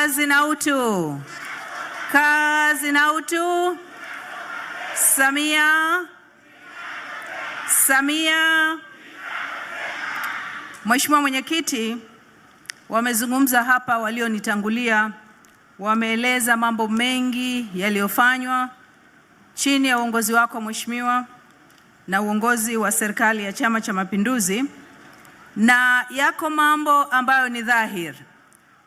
Kazi na utu, kazi na utu. Samia, Samia. Mheshimiwa Mwenyekiti, wamezungumza hapa walionitangulia, wameeleza mambo mengi yaliyofanywa chini ya uongozi wako Mheshimiwa na uongozi wa serikali ya Chama cha Mapinduzi, na yako mambo ambayo ni dhahiri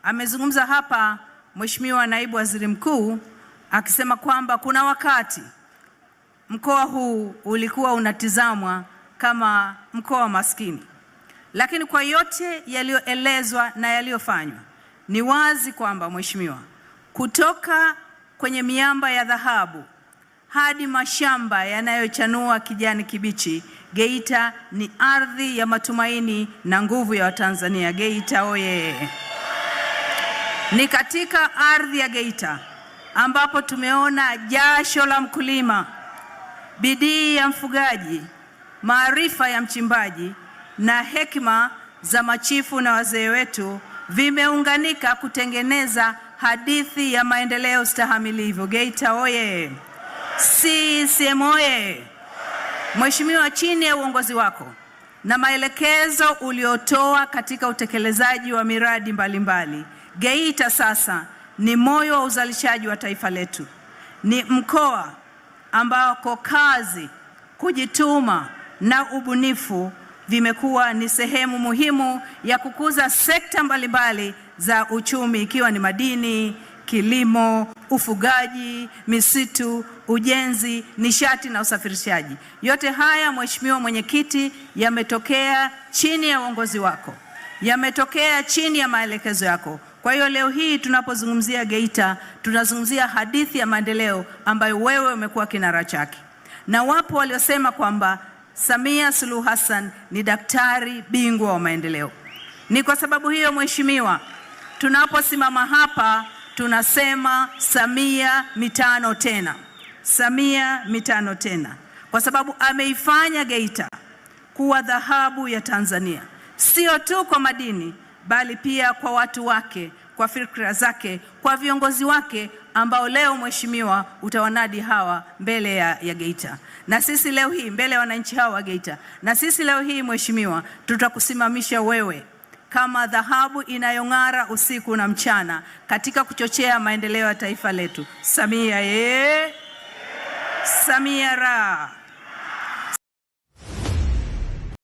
Amezungumza hapa Mheshimiwa Naibu Waziri Mkuu akisema kwamba kuna wakati mkoa huu ulikuwa unatizamwa kama mkoa maskini, lakini kwa yote yaliyoelezwa na yaliyofanywa ni wazi kwamba mheshimiwa, kutoka kwenye miamba ya dhahabu hadi mashamba yanayochanua kijani kibichi, Geita ni ardhi ya matumaini na nguvu ya Watanzania. Geita oye! Ni katika ardhi ya Geita ambapo tumeona jasho la mkulima, bidii ya mfugaji, maarifa ya mchimbaji na hekima za machifu na wazee wetu vimeunganika kutengeneza hadithi ya maendeleo stahamilivyo Geita oye! CCM oye! Mheshimiwa, chini ya uongozi wako na maelekezo uliotoa katika utekelezaji wa miradi mbalimbali mbali. Geita sasa ni moyo wa uzalishaji wa taifa letu, ni mkoa ambako kazi, kujituma na ubunifu vimekuwa ni sehemu muhimu ya kukuza sekta mbalimbali za uchumi ikiwa ni madini, kilimo, ufugaji, misitu, ujenzi, nishati na usafirishaji. Yote haya Mheshimiwa Mwenyekiti, yametokea chini ya uongozi wako, yametokea chini ya maelekezo yako. Kwa hiyo leo hii tunapozungumzia Geita tunazungumzia hadithi ya maendeleo ambayo wewe umekuwa kinara chake, na wapo waliosema kwamba Samia Suluhu Hassan ni daktari bingwa wa maendeleo. Ni kwa sababu hiyo, mheshimiwa, tunaposimama hapa tunasema Samia mitano tena, Samia mitano tena, kwa sababu ameifanya Geita kuwa dhahabu ya Tanzania, sio tu kwa madini bali pia kwa watu wake, kwa fikra zake, kwa viongozi wake ambao leo mheshimiwa utawanadi hawa mbele ya, ya Geita na sisi leo hii mbele ya wananchi hawa wa Geita na sisi leo hii mheshimiwa, tutakusimamisha wewe kama dhahabu inayong'ara usiku na mchana katika kuchochea maendeleo ya taifa letu. Samia ye Samia ra